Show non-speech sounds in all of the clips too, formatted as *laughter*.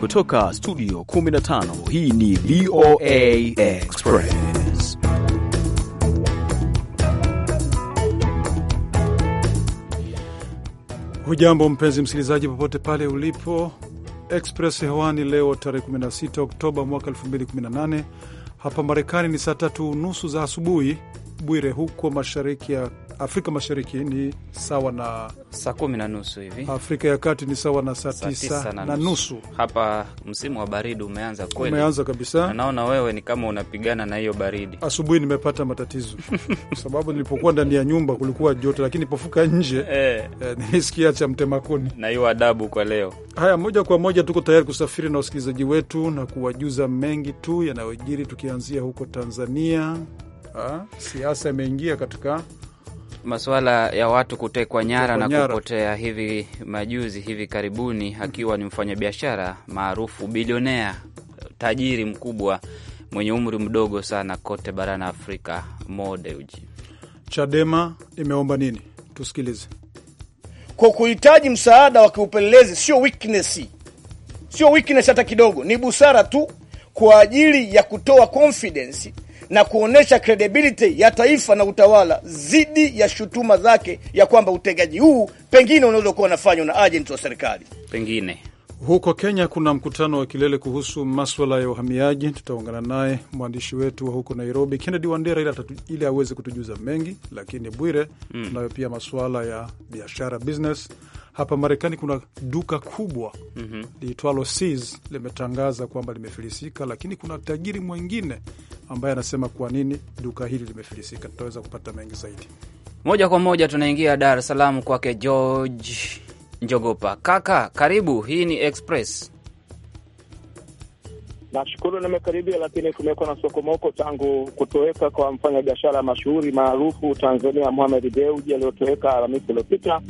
kutoka studio 15 hii ni VOA Express. Hujambo mpenzi msikilizaji, popote pale ulipo. Express hewani leo tarehe 16 Oktoba mwaka 2018 hapa Marekani ni saa tatu nusu za asubuhi. Bwire, huko mashariki ya Afrika Mashariki ni sawa na saa kumi na nusu hivi, Afrika ya Kati ni sawa na saa tisa na nusu. Hapa msimu wa baridi umeanza kweli, umeanza kabisa, naona wewe ni kama unapigana na hiyo baridi. Asubuhi nimepata matatizo *laughs* kwa sababu nilipokuwa ndani ya nyumba kulikuwa joto, lakini pofuka nje eh, eh, nilisikia cha mtemakuni na hiyo adabu kwa leo. Haya, moja kwa moja tuko tayari kusafiri na wasikilizaji wetu na kuwajuza mengi tu yanayojiri, tukianzia huko Tanzania. Ah, siasa imeingia katika masuala ya watu kutekwa nyara na kupotea hivi majuzi hivi karibuni, mm-hmm. akiwa ni mfanyabiashara maarufu bilionea, tajiri mkubwa mwenye umri mdogo sana kote barani Afrika, Mo Dewji. Chadema imeomba nini? Tusikilize. Kwa kuhitaji msaada wa kiupelelezi, sio weakness, sio weakness hata kidogo, ni busara tu kwa ajili ya kutoa confidence na kuonesha credibility ya taifa na utawala dhidi ya shutuma zake ya kwamba utengaji huu pengine unaweza kuwa unafanywa na agent wa serikali. Pengine huko Kenya kuna mkutano wa kilele kuhusu maswala ya uhamiaji. Tutaungana naye mwandishi wetu wa huko Nairobi, Kennedy Wandera, ili aweze kutujuza mengi. Lakini Bwire, mm. tunayo mm, pia masuala ya biashara business hapa Marekani kuna duka kubwa mm -hmm. liitwalo Sears limetangaza kwamba limefilisika, lakini kuna tajiri mwingine ambaye anasema kwa nini duka hili limefilisika. Tutaweza kupata mengi zaidi. Moja kwa moja tunaingia Dar es Salaam kwake George Njogopa. Kaka, karibu. Hii ni Express. Nashukuru nimekaribia, lakini kumekuwa na sokomoko tangu kutoweka kwa mfanyabiashara mashuhuri maarufu Tanzania Mohamed Deuji aliyotoweka Alhamisi iliyopita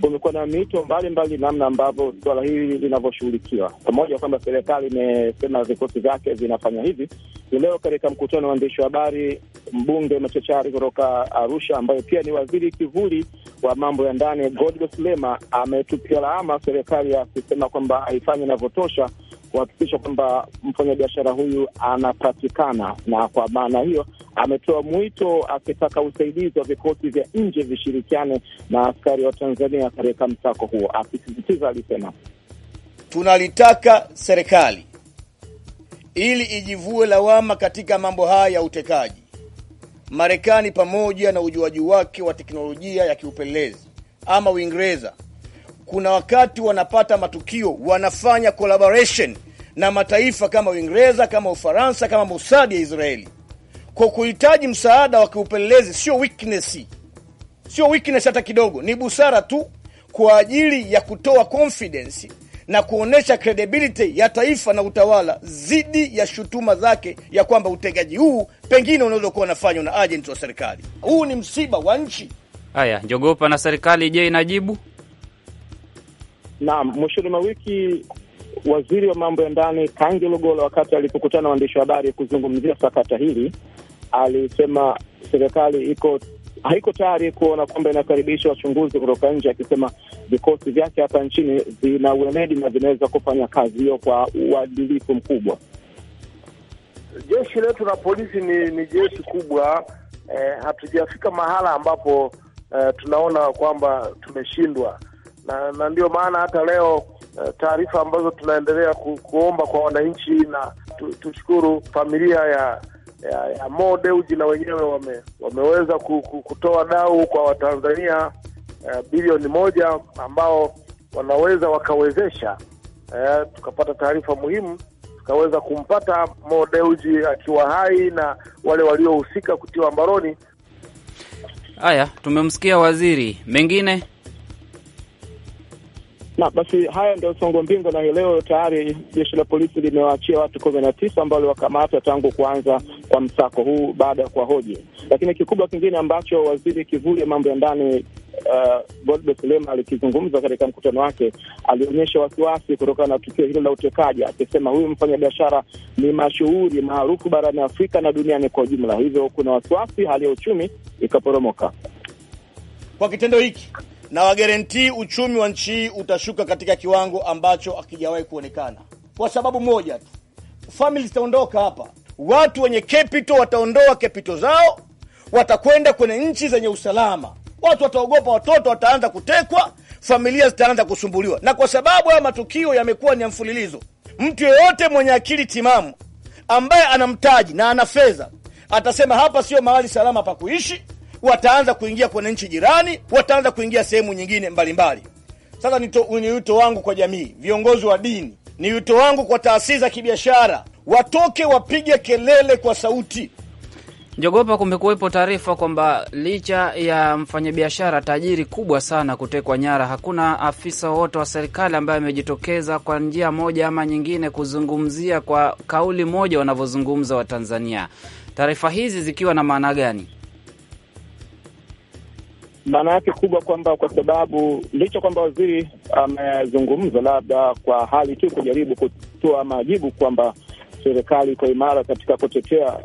kumekuwa na mito mbalimbali namna ambavyo suala hili linavyoshughulikiwa, pamoja kwamba serikali imesema vikosi vyake vinafanya hivi. Leo katika mkutano wa waandishi wa habari, mbunge machachari kutoka Arusha ambaye pia ni waziri kivuli wa mambo ya ndani, godgoslema Lema ametupia lawama serikali ya kusema kwamba haifanyi inavyotosha kuhakikisha kwamba mfanyabiashara huyu anapatikana, na kwa maana hiyo ametoa mwito akitaka usaidizi wa vikosi vya nje vishirikiane na askari wa Tanzania katika msako huo. Akisisitiza alisema, tunalitaka serikali ili ijivue lawama katika mambo haya ya utekaji. Marekani pamoja na ujuaji wake wa teknolojia ya kiupelelezi ama Uingereza, kuna wakati wanapata matukio, wanafanya collaboration na mataifa kama Uingereza, kama Ufaransa, kama Mossad ya Israeli kwa kuhitaji msaada wa kiupelelezi. Sio weakness, sio weakness hata kidogo, ni busara tu kwa ajili ya kutoa confidence na kuonesha credibility ya taifa na utawala dhidi ya shutuma zake ya kwamba utegaji huu pengine unaweza kuwa unafanywa na agent wa serikali. Huu ni msiba wa nchi. Haya, njogopa na serikali je, inajibu? Naam, mwishoni mwa wiki waziri wa mambo ya ndani Kangi Lugola, wakati alipokutana na waandishi wa habari kuzungumzia sakata hili, alisema serikali iko haiko tayari kuona kwamba inakaribisha wachunguzi kutoka nje, akisema vikosi vyake hapa nchini vina weledi na vinaweza kufanya kazi hiyo kwa uadilifu mkubwa. Jeshi letu la polisi ni, ni jeshi kubwa eh, hatujafika mahala ambapo eh, tunaona kwamba tumeshindwa na, na ndio maana hata leo Eh, taarifa ambazo tunaendelea ku, kuomba kwa wananchi, na tu, tushukuru familia ya ya, ya Mo Dewji na wenyewe wame, wameweza ku, ku, kutoa dau kwa Watanzania uh, bilioni moja ambao wanaweza wakawezesha uh, tukapata taarifa muhimu tukaweza kumpata Mo Dewji akiwa hai na wale waliohusika kutiwa mbaroni. Haya, tumemsikia waziri, mengine na basi haya ndio songo mbingo, na leo tayari jeshi la polisi limewaachia watu kumi na tisa ambao waliwakamata tangu kuanza kwa msako huu baada ya kuwahoji. Lakini kikubwa kingine ambacho waziri kivuli ya mambo ya ndani uh, Godbless Lema alikizungumza katika mkutano wake, alionyesha wasiwasi kutokana na tukio hilo la utekaji, akisema huyu mfanyabiashara ni mashuhuri maarufu barani Afrika na duniani kwa ujumla, hivyo kuna wasiwasi hali ya uchumi ikaporomoka kwa kitendo hiki na wagarantii uchumi wa nchi hii utashuka katika kiwango ambacho hakijawahi kuonekana, kwa sababu moja tu, famili zitaondoka hapa. Watu wenye capital wataondoa capital zao, watakwenda kwenye nchi zenye usalama. Watu wataogopa, watoto wataanza kutekwa, familia zitaanza kusumbuliwa. Na kwa sababu haya matukio yamekuwa ni ya mfululizo, mtu yeyote mwenye akili timamu ambaye ana mtaji na ana fedha atasema hapa sio mahali salama pa kuishi wataanza kuingia kwenye nchi jirani, wataanza kuingia sehemu nyingine mbalimbali mbali. Sasa ni wito wangu kwa jamii, viongozi wa dini, ni wito wangu kwa taasisi za kibiashara, watoke wapige kelele kwa sauti. Njogopa, kumekuwepo taarifa kwamba licha ya mfanyabiashara tajiri kubwa sana kutekwa nyara, hakuna afisa wowote wa serikali ambaye amejitokeza kwa njia moja ama nyingine kuzungumzia kwa kauli moja wanavyozungumza Watanzania. Taarifa hizi zikiwa na maana gani? maana yake kubwa kwamba kwa sababu licha kwamba waziri amezungumza labda kwa hali tu kujaribu kutoa majibu kwamba serikali iko imara katika kutetea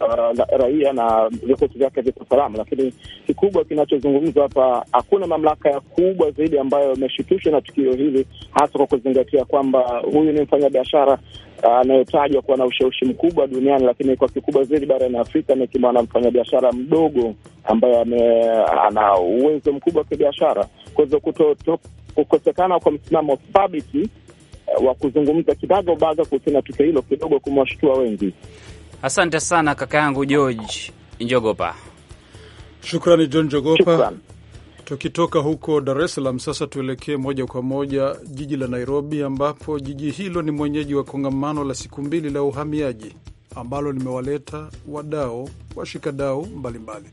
uh, raia na vikosi vyake viko salama, lakini kikubwa kinachozungumzwa hapa, hakuna mamlaka kubwa zaidi ambayo imeshitushwa na tukio hili, hasa kwa kuzingatia kwamba huyu ni mfanyabiashara anayotajwa uh, kuwa na ushawishi mkubwa duniani, lakini kwa kikubwa zaidi barani Afrika ni kama na mfanyabiashara mdogo ambaye ana uwezo mkubwa wa kibiashara. Kwa hivyo kukosekana kwa msimamo thabiti uh, wa kuzungumza kidagobaga kuhusiana na tukio hilo kidogo kumewashutua wengi. Asante sana kaka yangu George Njogopa. Shukrani John Njogopa. Shukran. Tukitoka huko Dar es Salaam sasa tuelekee moja kwa moja jiji la Nairobi, ambapo jiji hilo ni mwenyeji wa kongamano la siku mbili la uhamiaji ambalo limewaleta wadau washikadau mbalimbali.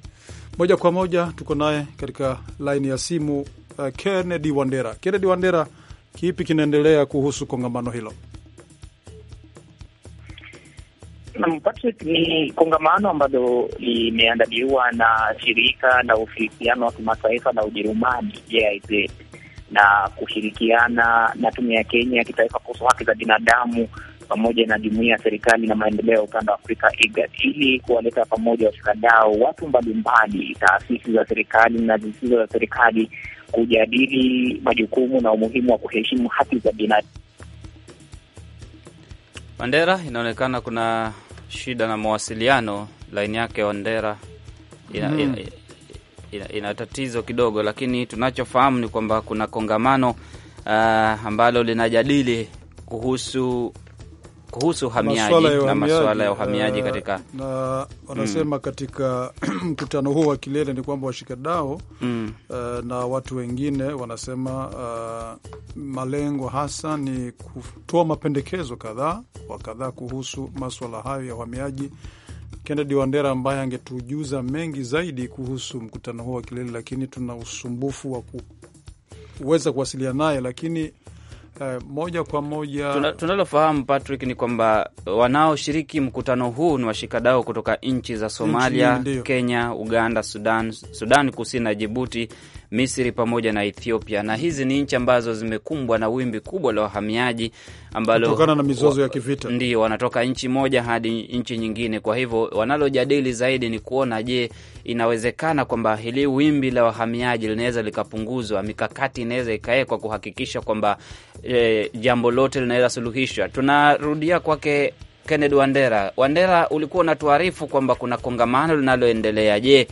Moja kwa moja tuko naye katika laini ya simu uh, Kennedy Wandera. Kennedy Wandera, kipi kinaendelea kuhusu kongamano hilo? Patrick, ni kongamano ambalo limeandaliwa na shirika la ushirikiano wa kimataifa la Ujerumani JIZ na kushirikiana na tume ya Kenya ya kitaifa kuhusu haki za binadamu pamoja na jumuiya ya serikali na maendeleo ya ukanda wa Afrika IGAD ili kuwaleta pamoja washikadau, watu mbalimbali, taasisi za serikali na zisizo za serikali kujadili majukumu na umuhimu wa kuheshimu haki za binadamu. Bandera, inaonekana kuna shida na mawasiliano, laini yake Ondera ina, mm. ina, ina, ina tatizo kidogo, lakini tunachofahamu ni kwamba kuna kongamano uh, ambalo linajadili kuhusu kuhusu uhamiaji na masuala ya eh, uhamiaji uh, katika na hmm. wanasema mm. katika *clears throat* mkutano huo wa kilele ni kwamba washikadao mm. uh, eh, na watu wengine wanasema uh, malengo hasa ni kutoa mapendekezo kadhaa wa kadhaa kuhusu maswala hayo ya uhamiaji. Kennedy Wandera ambaye angetujuza mengi zaidi kuhusu mkutano huo wa kilele, lakini tuna usumbufu wa kuweza kuwasiliana naye, lakini uh, moja kwa moja tunalofahamu Patrick ni kwamba wanaoshiriki mkutano huu ni washikadau kutoka nchi za Somalia, Kenya, Uganda, Sudan, Sudan Kusini na Jibuti Misri pamoja na Ethiopia, na hizi ni nchi ambazo zimekumbwa na wimbi kubwa la wahamiaji ambalo kutokana na mizozo ya kivita ndio wanatoka nchi moja hadi nchi nyingine. Kwa hivyo wanalojadili zaidi ni kuona, je, inawezekana kwamba hili wimbi la wahamiaji linaweza likapunguzwa? Mikakati inaweza ikawekwa kuhakikisha kwamba e, jambo lote linaweza suluhishwa. Tunarudia kwake Kennedy Wandera. Wandera, ulikuwa unatuarifu kwamba kuna kongamano linaloendelea. Je,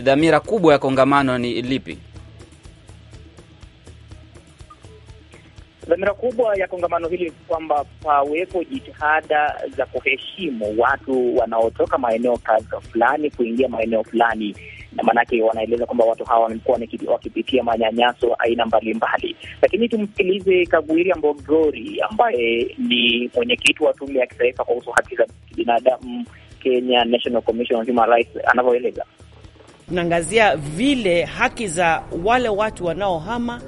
dhamira kubwa ya kongamano ni lipi? Dhamira kubwa ya kongamano hili ni kwamba pawepo jitihada za kuheshimu watu wanaotoka maeneo kadha fulani kuingia maeneo fulani, na maanake wanaeleza kwamba watu hawa wamekuwa wakipitia manyanyaso aina mbalimbali. Lakini tumsikilize kagwiria Mbogori ambaye ni mwenyekiti wa tume ya kitaifa kuhusu haki za kibinadamu Kenya National Commission on Human Rights anavyoeleza tunaangazia vile haki za wale watu wanaohama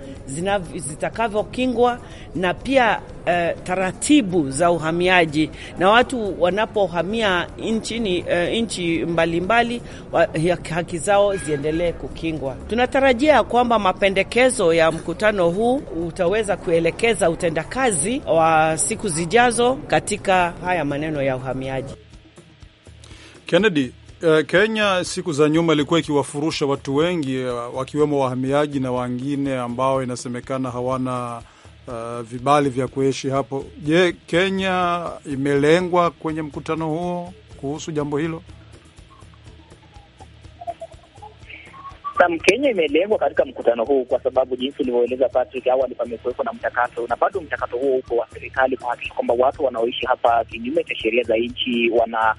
zitakavyokingwa na pia uh, taratibu za uhamiaji na watu wanapohamia nchini uh, nchi mbalimbali haki zao ziendelee kukingwa. Tunatarajia kwamba mapendekezo ya mkutano huu utaweza kuelekeza utendakazi wa siku zijazo katika haya maneno ya uhamiaji. Kennedy Eh, Kenya siku za nyuma ilikuwa ikiwafurusha watu wengi eh, wakiwemo wahamiaji na wengine ambao inasemekana hawana uh, vibali vya kuishi hapo. Je, Kenya imelengwa kwenye mkutano huo kuhusu jambo hilo? Naam, Kenya imelengwa katika mkutano huu kwa sababu jinsi ulivyoeleza Patrick, awali pamekuwepo na mchakato na bado mchakato huo upo wa serikali kuhakikisha kwamba watu wanaoishi hapa kinyume cha sheria za nchi wana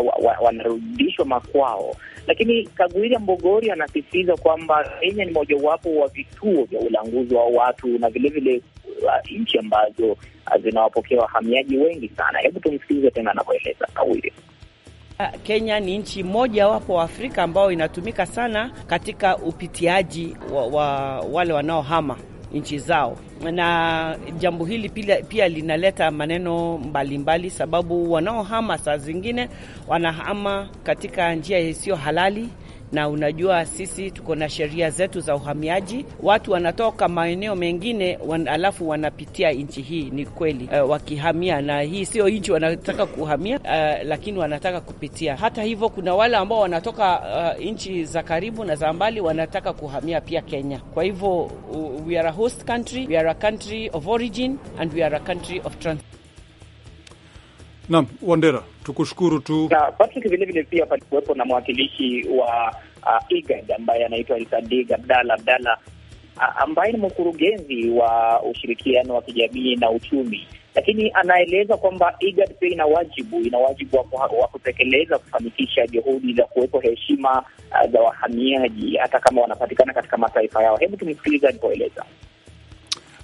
uh, wa, wa, wanarudishwa makwao. Lakini kagwiria Mbogori anasisitiza kwamba Kenya ni mojawapo wa vituo vya ulanguzi wa watu na vilevile uh, ah, nchi ambazo uh, zinawapokea wahamiaji wengi sana. Hebu tumsikilize tena anavyoeleza Kagwira. Ah, Kenya ni nchi moja wapo wa Afrika ambao inatumika sana katika upitiaji wa, wa wale wanaohama nchi zao, na jambo hili pia, pia linaleta maneno mbalimbali mbali, sababu wanaohama saa zingine wanahama katika njia isiyo halali na unajua sisi tuko na sheria zetu za uhamiaji. Watu wanatoka maeneo mengine wan, alafu wanapitia nchi hii, ni kweli uh, wakihamia, na hii sio nchi wanataka kuhamia uh, lakini wanataka kupitia. Hata hivyo, kuna wale ambao wanatoka uh, nchi za karibu na za mbali wanataka kuhamia pia Kenya. Kwa hivyo we are a host country, we are a country of origin and we are a country of transit. Naam, Wandera, tukushukuru tu na Patrick. Vilevile pia palikuwepo na mwakilishi wa uh, IGAD ambaye anaitwa Sadig Abdalla Abdalla uh, ambaye ni mkurugenzi wa ushirikiano wa kijamii na uchumi, lakini anaeleza kwamba IGAD pia ina wajibu ina wajibu wa kutekeleza kufanikisha juhudi za kuwepo heshima uh, za wahamiaji hata kama wanapatikana katika mataifa yao. Hebu tumsikilize alipoeleza.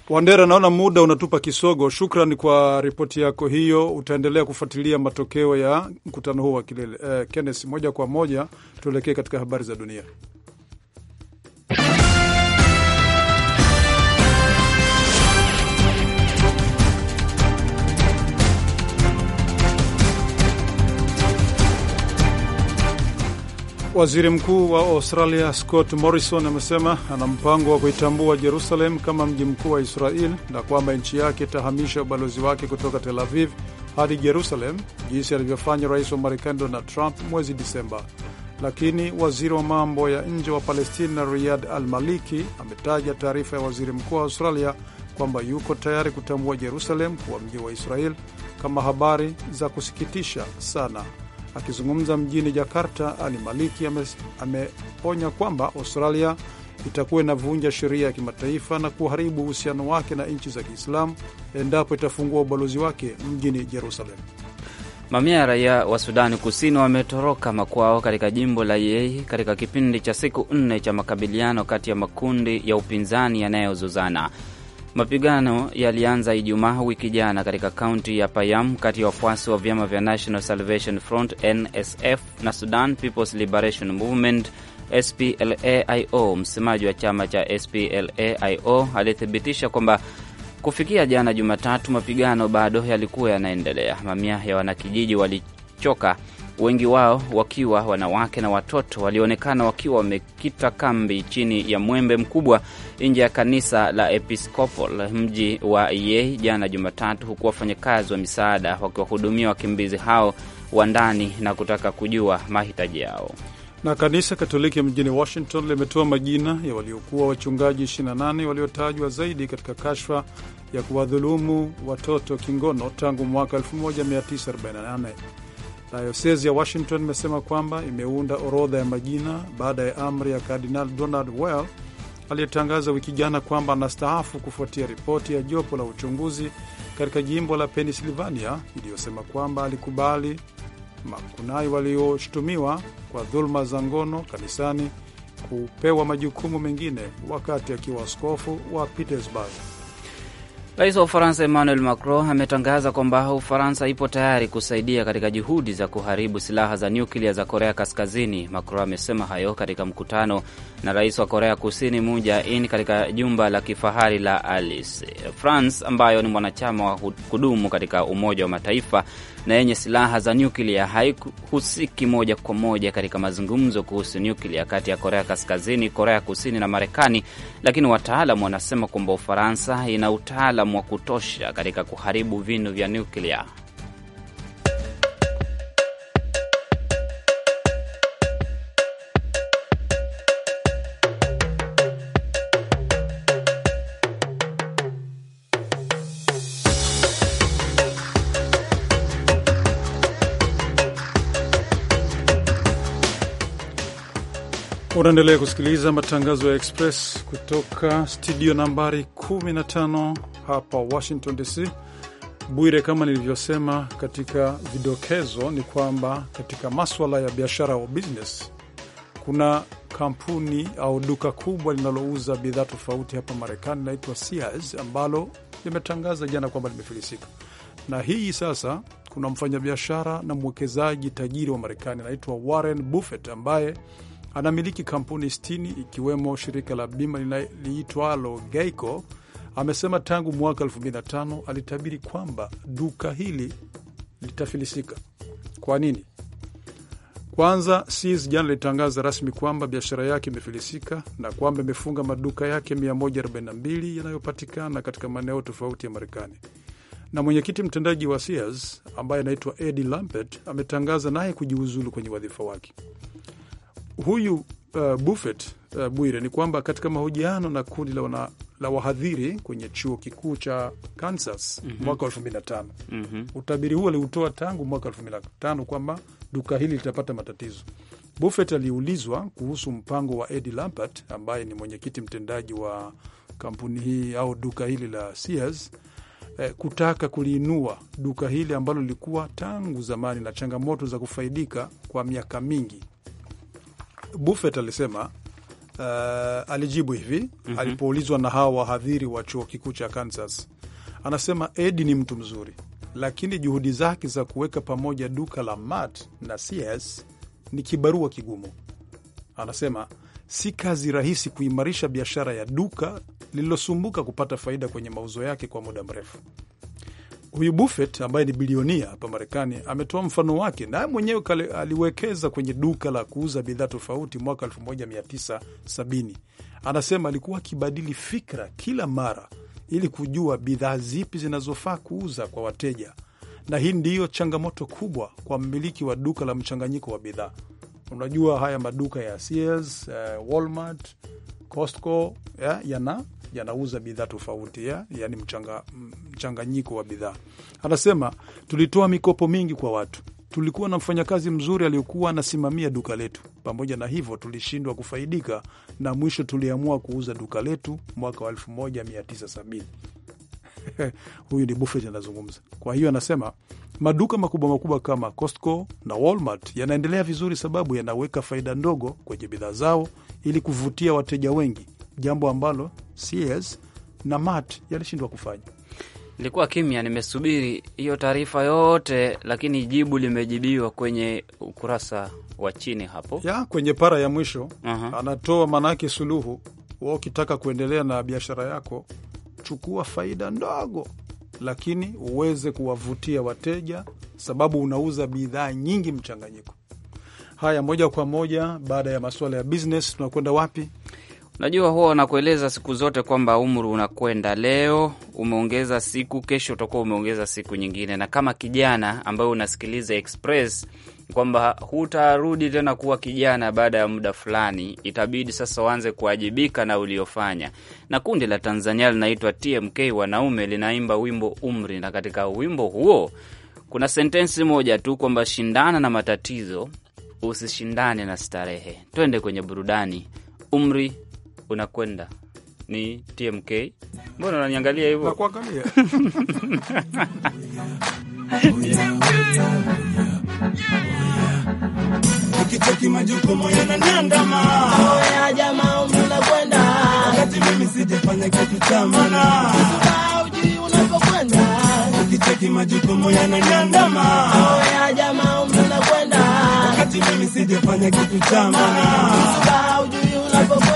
Wandera, naona muda unatupa kisogo. Shukran kwa ripoti yako hiyo, utaendelea kufuatilia matokeo ya mkutano huu wa kilele. Eh, Kennes, moja kwa moja tuelekee katika habari za dunia. Waziri Mkuu wa Australia Scott Morrison amesema ana mpango wa kuitambua Jerusalem kama mji mkuu wa Israel na kwamba nchi yake itahamisha ubalozi wake kutoka Tel Aviv hadi Jerusalem, jinsi alivyofanya rais wa Marekani Donald Trump mwezi Disemba. Lakini waziri wa mambo ya nje wa Palestina Riyad Al Maliki ametaja taarifa ya waziri mkuu wa Australia kwamba yuko tayari kutambua Jerusalem kuwa mji wa Israel kama habari za kusikitisha sana. Akizungumza mjini Jakarta, Ali Maliki ameonya kwamba Australia itakuwa inavunja sheria ya kimataifa na kuharibu uhusiano wake na nchi za Kiislamu endapo itafungua ubalozi wake mjini Jerusalem. Mamia ya raia wa Sudani Kusini wametoroka makwao katika jimbo la Yei katika kipindi cha siku nne cha makabiliano kati ya makundi ya upinzani yanayozozana. Mapigano yalianza Ijumaa wiki jana katika kaunti ya Payam kati ya wafuasi wa vyama vya National Salvation Front NSF na Sudan People's Liberation Movement SPLAIO. Msemaji wa chama cha SPLAIO alithibitisha kwamba kufikia jana Jumatatu, mapigano bado yalikuwa yanaendelea. Mamia ya wanakijiji walichoka wengi wao wakiwa wanawake na watoto walioonekana wakiwa wamekita kambi chini ya mwembe mkubwa nje ya kanisa la Episcopal mji wa Ye jana Jumatatu, huku wafanyakazi wa misaada wakiwahudumia wakimbizi hao wa ndani na kutaka kujua mahitaji yao. Na kanisa Katoliki mjini Washington limetoa majina ya waliokuwa wachungaji 28 waliotajwa zaidi katika kashfa ya kuwadhulumu watoto kingono tangu mwaka 1948. Dayosezi ya Washington imesema kwamba imeunda orodha ya majina baada ya amri ya Kardinal Donald well aliyetangaza wiki jana kwamba anastaafu kufuatia ripoti ya jopo la uchunguzi katika jimbo la Pennsylvania iliyosema kwamba alikubali makunai walioshutumiwa kwa dhuluma za ngono kanisani kupewa majukumu mengine wakati akiwa askofu wa Petersburg. Rais wa Ufaransa Emmanuel Macron ametangaza kwamba Ufaransa ipo tayari kusaidia katika juhudi za kuharibu silaha za nyuklia za Korea Kaskazini. Macron amesema hayo katika mkutano na rais wa Korea Kusini Moon Jae-in katika jumba la kifahari la Elysee. France ambayo ni mwanachama wa kudumu katika Umoja wa Mataifa na yenye silaha za nyuklia haihusiki moja kwa moja katika mazungumzo kuhusu nyuklia kati ya Korea Kaskazini, Korea Kusini na Marekani, lakini wataalam wanasema kwamba Ufaransa ina utaalam wa kutosha katika kuharibu vinu vya nyuklia Unaendelea kusikiliza matangazo ya Express kutoka studio nambari 15 hapa Washington DC. Bwire, kama nilivyosema katika vidokezo, ni kwamba katika maswala ya biashara au business, kuna kampuni au duka kubwa linalouza bidhaa tofauti hapa Marekani inaitwa Sears ambalo limetangaza jana kwamba limefilisika, na hii sasa, kuna mfanyabiashara na mwekezaji tajiri wa Marekani anaitwa Warren Buffett ambaye anamiliki kampuni 60 ikiwemo shirika la bima liitwalo Geico. Amesema tangu mwaka 2005 alitabiri kwamba duka hili litafilisika. Kwa nini? Kwanza, Sears jana alitangaza rasmi kwamba biashara yake imefilisika na kwamba imefunga maduka yake 142 yanayopatikana katika maeneo tofauti ya Marekani. Na mwenyekiti mtendaji wa Sears ambaye anaitwa Eddie Lampert ametangaza naye kujiuzulu kwenye wadhifa wake huyu uh, Buffett uh, Bwire, ni kwamba katika mahojiano na kundi la, wana, la wahadhiri kwenye chuo kikuu cha Kansas mm -hmm. mwaka elfu mm -hmm. utabiri huu aliutoa tangu mwaka elfu kwamba duka hili litapata matatizo. Buffett aliulizwa kuhusu mpango wa Eddie Lampert ambaye ni mwenyekiti mtendaji wa kampuni hii au duka hili la Sears eh, kutaka kuliinua duka hili ambalo lilikuwa tangu zamani na changamoto za kufaidika kwa miaka mingi Buffett alisema uh, alijibu hivi mm -hmm. alipoulizwa na hawa wahadhiri wa chuo kikuu cha Kansas, anasema Edi ni mtu mzuri, lakini juhudi zake za kuweka pamoja duka la Matt na CS ni kibarua kigumu. Anasema si kazi rahisi kuimarisha biashara ya duka lililosumbuka kupata faida kwenye mauzo yake kwa muda mrefu huyu Buffett ambaye ni bilionia hapa Marekani ametoa mfano wake, naye mwenyewe aliwekeza kwenye duka la kuuza bidhaa tofauti mwaka 1970. Anasema alikuwa akibadili fikra kila mara ili kujua bidhaa zipi zinazofaa kuuza kwa wateja, na hii ndiyo changamoto kubwa kwa mmiliki wa duka la mchanganyiko wa bidhaa. Unajua haya maduka ya Sears, eh, Walmart Costco ya, yana yanauza bidhaa tofauti ya, yani mchanga, mchanganyiko wa bidhaa. Anasema tulitoa mikopo mingi kwa watu, tulikuwa na mfanyakazi mzuri aliyokuwa anasimamia duka letu. Pamoja na hivyo, tulishindwa kufaidika na mwisho tuliamua kuuza duka letu mwaka wa 1970. *laughs* huyu ni Buffett anazungumza. Kwa hiyo anasema maduka makubwa makubwa kama Costco na Walmart yanaendelea vizuri, sababu yanaweka faida ndogo kwenye bidhaa zao ili kuvutia wateja wengi, jambo ambalo cs na Mart yalishindwa kufanya. Nilikuwa kimya, nimesubiri hiyo taarifa yote, lakini jibu limejibiwa kwenye ukurasa wa chini hapo ya kwenye para ya mwisho. uh -huh. Anatoa maanake suluhu wa ukitaka kuendelea na biashara yako chukua faida ndogo, lakini uweze kuwavutia wateja, sababu unauza bidhaa nyingi mchanganyiko. Haya, moja kwa moja, baada ya masuala ya business, tunakwenda wapi? Unajua, huwa wanakueleza siku zote kwamba umri unakwenda, leo umeongeza siku, kesho utakuwa umeongeza siku nyingine. Na kama kijana ambayo unasikiliza Express kwamba hutarudi tena kuwa kijana baada ya muda fulani, itabidi sasa uanze kuwajibika na uliofanya. Na kundi la Tanzania linaitwa TMK Wanaume linaimba wimbo Umri, na katika wimbo huo kuna sentensi moja tu kwamba shindana na matatizo, usishindane na starehe. Twende kwenye burudani, umri unakwenda ni TMK. Mbona unaniangalia hivyo? *laughs* Kicheki majukumu yananiandama, oya jamaa, umri unakwenda, wakati mimi sijafanya kitu cha maana, ujui unapokwenda. Kicheki majukumu yananiandama, oya jamaa, umri unakwenda, wakati mimi sijafanya kitu cha maana, ujui unapokwenda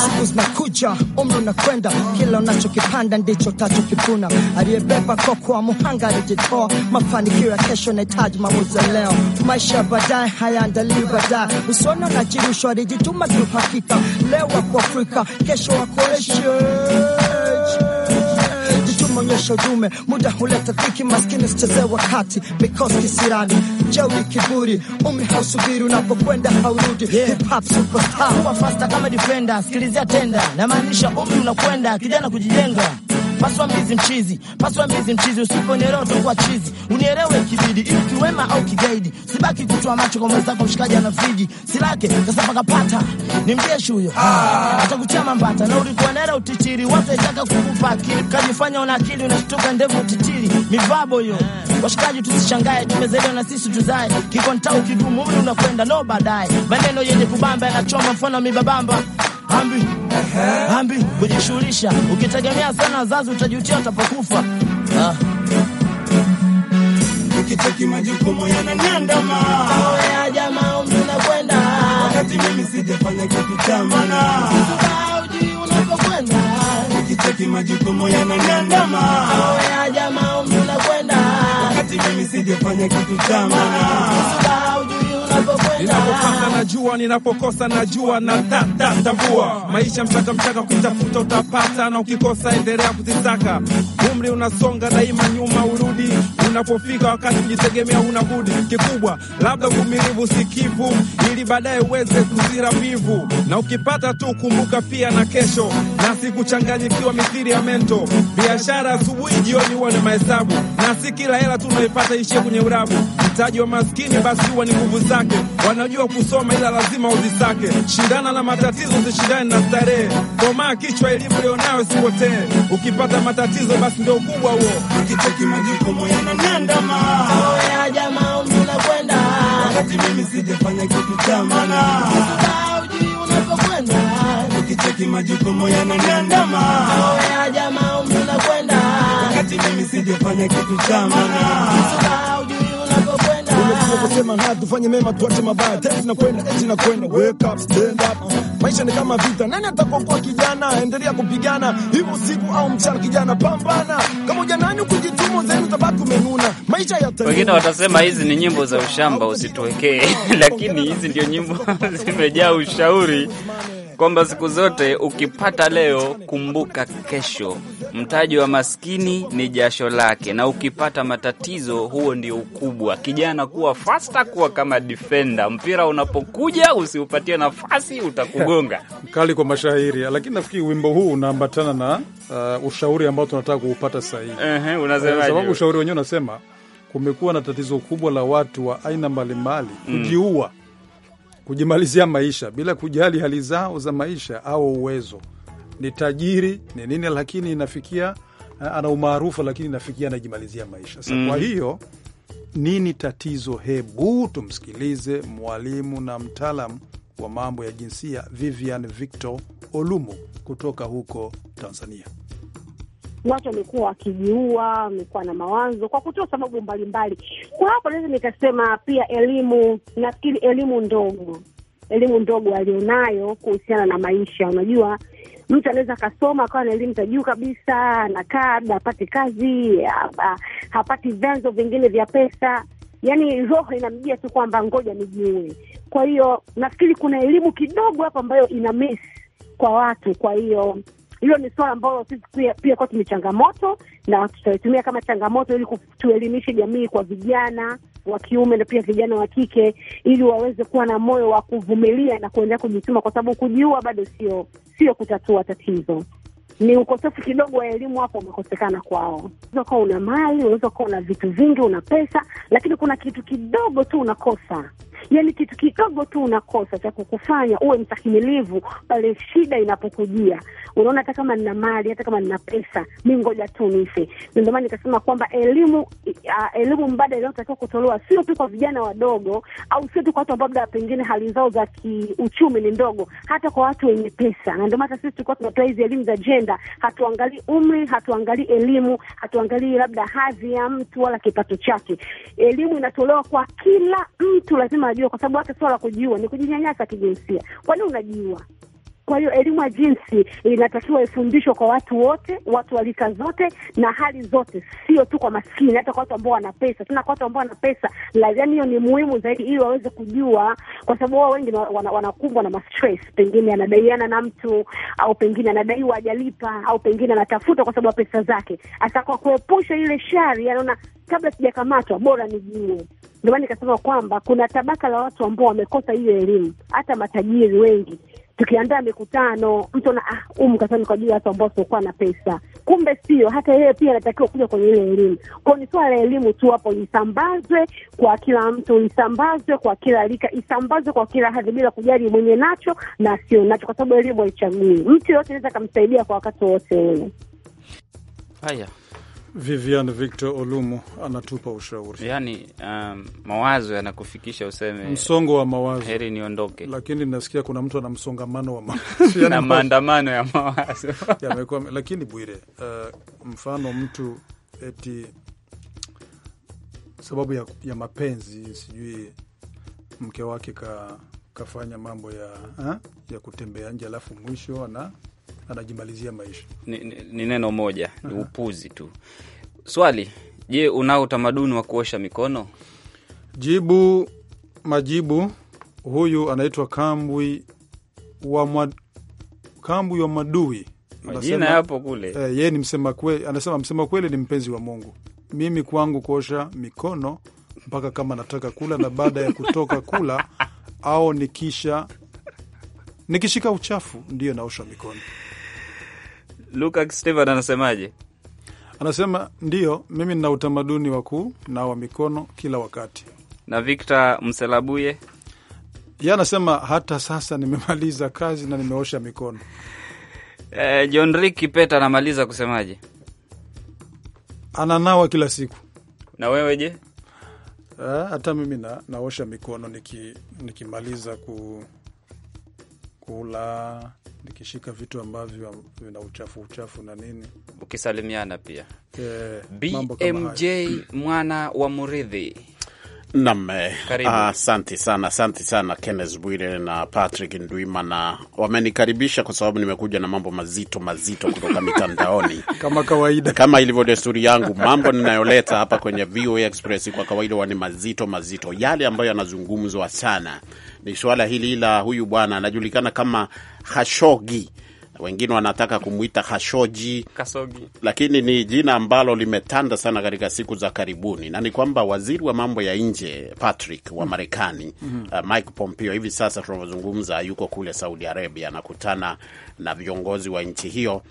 siku zinakuja, umri unakwenda, kila unachokipanda ndicho utachokivuna. Aliyebeba koko muhanga alijitoa. Mafanikio ya kesho nahitaji maamuzi leo. Maisha ya baadaye hayaandaliwi baadaye, usiona na jirushwa, alijituma kiuhakika. Leo wako Afrika, kesho wako Asia kesho dume, muda huleta dhiki, maskini sichezee wakati, mikosi kisirani, jeuri, kiburi, umri hausubiri, unapokwenda haurudi. Hip hop superstar kuwa fasta kama defender, sikilizia tenda, namaanisha umri unakwenda, kijana kujijenga paswa mbizi mchizi, paswa mbizi mchizi, usiponyeroa utakuwa chizi. Unielewe kibidi, ili kiwema au kigaidi, sibaki kutoa macho kwa mwenzako, mshikaji anafiji silake sasa paka pata ni mjeshi huyo ah. Atakuchama mbata na ulikuwa nera utichiri, watu aitaka kukupa akili, ukajifanya una akili, unashtuka ndevu utitiri, mivabo hiyo yeah. Washikaji tusishangae, tumezaliwa na sisi tuzae, kikontau kigumu, umri unakwenda no baadaye, maneno yenye kubamba yanachoma, mfano mibabamba hambi ambi kujishughulisha. Ukitegemea sana wazazi, utajutia utapokufa. Ah. Ukitaki majukumu yananiandama, oya jamaa umri unakwenda, wakati mimi sijafanya kitu cha maana. Ujui unapokwenda, ukitaki majukumu yananiandama, oya jamaa umri unakwenda eti mimi sijafanya kitu chama Ninapokosa najua, ninapokosa najua, na tata tambua, maisha mchaka mchaka, ukitafuta utapata, na ukikosa endelea kuzitaka. Umri unasonga daima, nyuma urudi unapofika wakati kujitegemea una budi kikubwa, labda uvumilivu sikivu, ili baadaye uweze kuzira mivu na ukipata tu kumbuka pia na kesho, na sikuchanganyikiwa mithiri ya mento. Biashara asubuhi, jioni huwa ni mahesabu, na si kila hela tu unaipata ishie kwenye urabu. Mtaji wa maskini basi huwa ni nguvu zake, wanajua kusoma ila lazima uzisake. Shindana na matatizo, zishindane na starehe, komaa kichwa, elimu ulionayo sipotee. Ukipata matatizo basi ndio ukubwa huo, kuniandama ya jamaa unakwenda wakati mimi sijafanya kitu cha maana ujui unapokwenda ukicheki majukumu yananiandama ya jamaa unakwenda wakati mimi sijafanya kitu cha maana hivyo kusema na tufanye mema tuache mabaya. Wake up, stand up. Maisha ni kama vita. Nani atakokuwa kijana? Endelea kupigana. Hivyo usiku au mchana kijana pambana. Kama kujituma zenu tabaki umenuna. Maisha Wengine watasema hizi ni nyimbo za ushamba usituwekee. *laughs* Lakini hizi ndio nyimbo *laughs* zimejaa ushauri kwamba siku zote ukipata leo, kumbuka kesho. Mtaji wa maskini ni jasho lake, na ukipata matatizo, huo ndio ukubwa. Kijana, kuwa fasta, kuwa kama defender. Mpira unapokuja usiupatie nafasi, utakugonga *laughs* mkali kwa mashairi. Lakini nafikiri wimbo huu unaambatana na uh, ushauri ambao tunataka kuupata sasa hivi. Eh, sababu ushauri wenyewe unasema kumekuwa na tatizo kubwa la watu wa aina mbalimbali mm. kujiua mm kujimalizia maisha bila kujali hali zao za maisha au uwezo. Ni tajiri ni nini, lakini inafikia eh, ana umaarufu, lakini inafikia anajimalizia maisha. Sa, kwa mm-hmm. hiyo nini tatizo? Hebu tumsikilize mwalimu na mtaalam wa mambo ya jinsia Vivian Victor Olumu kutoka huko Tanzania watu wamekuwa wakijiua, wamekuwa na mawazo kwa kutoa sababu mbalimbali. Kwa hapo naweza nikasema pia elimu, nafikiri elimu ndogo, elimu ndogo alionayo kuhusiana na maisha. Unajua, mtu anaweza akasoma akawa na elimu za juu kabisa, anakaa labda hapati kazi, hapati vyanzo vingine vya pesa Yaani roho inamjia tu kwamba ngoja nijiue. Kwa hiyo nafikiri kuna elimu kidogo hapo ambayo ina miss kwa watu. Kwa hiyo hilo ni swala ambalo sisi pia pia kwa ni changamoto, na tutaitumia kama changamoto ili tuelimishe jamii kwa vijana wa kiume na pia vijana wa kike, ili waweze kuwa na moyo wa kuvumilia na kuendelea kujituma, kwa sababu kujiua bado sio sio kutatua tatizo ni ukosefu kidogo wa elimu hapo umekosekana kwao. Unaweza kuwa una mali, unaweza kuwa una vitu vingi, una pesa, lakini kuna kitu kidogo tu unakosa yani kitu kidogo tu unakosa cha kukufanya uwe mstahimilivu pale shida inapokujia. Unaona, hata kama nina mali, hata kama nina pesa, mi ngoja tu nife. Ndio maana nikasema kwamba elimu uh, elimu mbadala inayotakiwa kutolewa sio tu kwa vijana wadogo, au sio tu kwa watu ambao labda pengine hali zao za kiuchumi ni ndogo, hata kwa watu wenye pesa. Na ndio maana sisi tulikuwa tunatoa hizi elimu za jenda, hatuangalii umri, hatuangalii elimu, hatuangalii labda hadhi ya mtu wala kipato chake. Elimu inatolewa kwa kila mtu, lazima anajua, kwa sababu wake sio la kujiua, ni kujinyanyasa kijinsia. Kwa nini unajiua? Kwa hiyo elimu ya jinsi inatakiwa ifundishwe kwa watu wote, watu wa rika zote na hali zote, sio tu kwa maskini, hata kwa watu ambao wana pesa, tena kwa watu ambao wana pesa. lazima hiyo ni muhimu zaidi, ili waweze kujua, kwa sababu wao wengi wanakumbwa na mastress, pengine anadaiana na mtu au pengine anadaiwa hajalipa au pengine anatafuta kwa sababu ya pesa zake. Hasa kwa kuepusha ile shari, anaona kabla sijakamatwa bora nijue. Ndio maana nikasema kwamba kuna tabaka la watu ambao wamekosa hiyo elimu, hata matajiri wengi tukiandaa mikutano, mtu na ah, huu mkutano kwa ajili ya watu ambao wasiokuwa na pesa. Kumbe sio, hata yeye pia anatakiwa kuja kwenye ile elimu. Kwao ni swala la elimu tu hapo, isambazwe kwa kila mtu, isambazwe kwa kila rika, isambazwe kwa kila hadhi, bila kujali mwenye nacho na sio nacho, kwa sababu elimu haichagui mtu yoyote, anaweza akamsaidia kwa wakati wowote ule. Haya. Vivian Victor Olumu anatupa ushauri, yani um, mawazo yanakufikisha useme msongo wa mawazo, heri niondoke. Lakini nasikia kuna mtu ana msongamano wa mawazo yani *laughs* na yaani maandamano ya mawazo *laughs* yamekuwa. Lakini Bwire, uh, mfano mtu eti sababu ya, ya mapenzi sijui mke wake ka, kafanya mambo ya, ha? ya kutembea nje alafu mwisho ana anajimalizia maisha. Ni, ni, ni neno moja, ni upuzi tu. Swali, je, unao utamaduni wa kuosha mikono? Jibu majibu, huyu anaitwa Kambwi wa mwa, Kambwi wa Madui majina yapo kule. Eh, ye ni msema kweli, anasema msema kweli ni mpenzi wa Mungu. Mimi kwangu kuosha mikono mpaka kama nataka kula na baada ya kutoka *laughs* kula au nikisha nikishika uchafu ndiyo naosha mikono. Luka Steven anasemaje? Anasema ndiyo, mimi nina utamaduni wa kunawa mikono kila wakati. Na Victor Mselabuye ye anasema hata sasa nimemaliza kazi na nimeosha mikono. Eh, John Rick Kipeta anamaliza kusemaje? Ananawa kila siku. Na wewe je? Eh, hata mimi na, naosha mikono nikimaliza niki ku, kula nikishika vitu ambavyo vina uchafu uchafu na nini, ukisalimiana pia yeah, BMJ mwana wa Muridhi. Nam, eh, asante uh, sana asante sana Kenneth Bwire na Patrick ndwima na wamenikaribisha kwa sababu nimekuja na mambo mazito mazito kutoka *laughs* mitandaoni kama kawaida, kama ilivyo desturi yangu. Mambo ninayoleta hapa kwenye VOA Express kwa kawaida huwa ni mazito mazito, yale ambayo yanazungumzwa sana ni suala hili la huyu bwana anajulikana kama hashogi wengine wanataka kumwita Hashoji Kasogi, lakini ni jina ambalo limetanda sana katika siku za karibuni, na ni kwamba waziri wa mambo ya nje Patrick wa mm-hmm. Marekani mm -hmm. uh, Mike Pompeo hivi sasa tunavyozungumza yuko kule Saudi Arabia, anakutana na viongozi wa nchi hiyo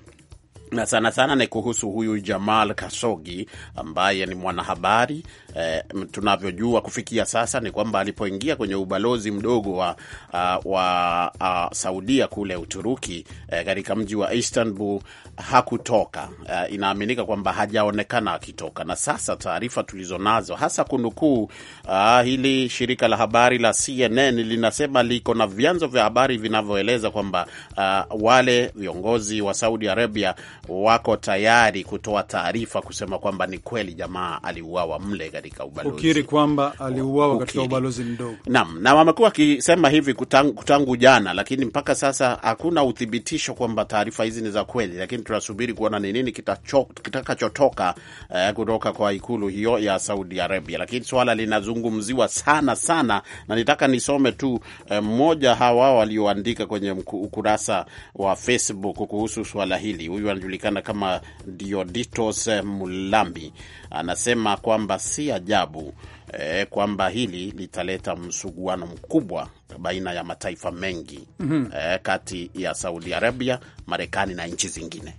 na sana sana ni kuhusu huyu Jamal Kasogi ambaye ni mwanahabari eh, tunavyojua kufikia sasa ni kwamba alipoingia kwenye ubalozi mdogo wa, uh, wa uh, Saudia kule Uturuki eh, katika eh, mji wa Istanbul hakutoka. Eh, inaaminika kwamba hajaonekana akitoka, na sasa taarifa tulizonazo hasa kunukuu uh, hili shirika la habari la CNN linasema liko na vyanzo vya habari vinavyoeleza kwamba uh, wale viongozi wa Saudi Arabia wako tayari kutoa taarifa kusema kwamba ni kweli jamaa aliuawa mle katika ubalozi, ukiri kwamba aliuawa katika ubalozi mdogo. Naam, na wamekuwa wakisema hivi kutangu, kutangu jana, lakini mpaka sasa hakuna uthibitisho kwamba taarifa hizi ni za kweli, lakini tunasubiri kuona ni nini kitakachotoka eh, kutoka kwa ikulu hiyo ya Saudi Arabia. Lakini swala linazungumziwa sana sana, na nitaka nisome tu eh, mmoja eh, hawa walioandika kwenye ukurasa wa Facebook kuhusu swala hili. Huyu anajulikana kama Dioditos eh, Mulambi anasema kwamba si ajabu e, kwamba hili litaleta msuguano mkubwa baina ya mataifa mengi mm -hmm. e, kati ya Saudi Arabia, Marekani na nchi zingine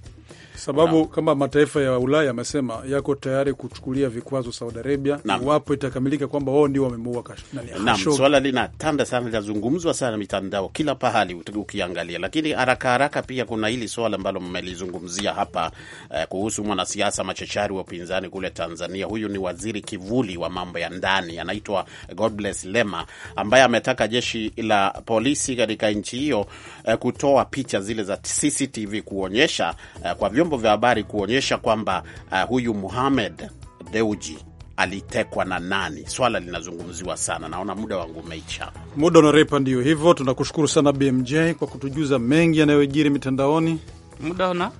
sababu na, kama mataifa ya Ulaya yamesema yako tayari kuchukulia vikwazo Saudi Arabia iwapo itakamilika kwamba wao ndio wamemuua Khashoggi. Swala linatanda sana, linazungumzwa sana mitandao kila pahali ukiangalia, lakini haraka haraka pia kuna hili swala ambalo mmelizungumzia hapa eh, kuhusu mwanasiasa machachari wa upinzani kule Tanzania. Huyu ni waziri kivuli wa mambo ya ndani, anaitwa Godbless Lema ambaye ametaka jeshi la polisi katika nchi hiyo eh, kutoa picha zile za CCTV kuonyesha eh, kwa vyombo vyombo vya habari kuonyesha kwamba uh, huyu Muhamed Deuji alitekwa na nani? Swala linazungumziwa sana. Naona muda wangu umeisha, muda unarepa. Ndio hivyo, tunakushukuru sana BMJ kwa kutujuza mengi yanayojiri mitandaoni. Muda una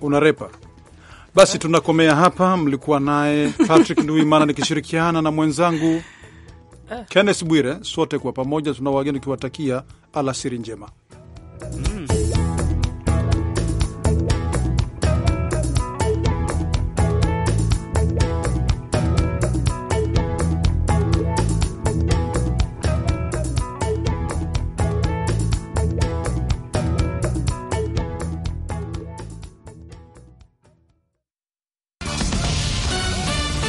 unarepa basi, tunakomea hapa. Mlikuwa naye Patrick *laughs* Nduimana nikishirikiana na mwenzangu eh. Kennes Bwire, sote kwa pamoja tunawageni wageni tukiwatakia alasiri njema mm.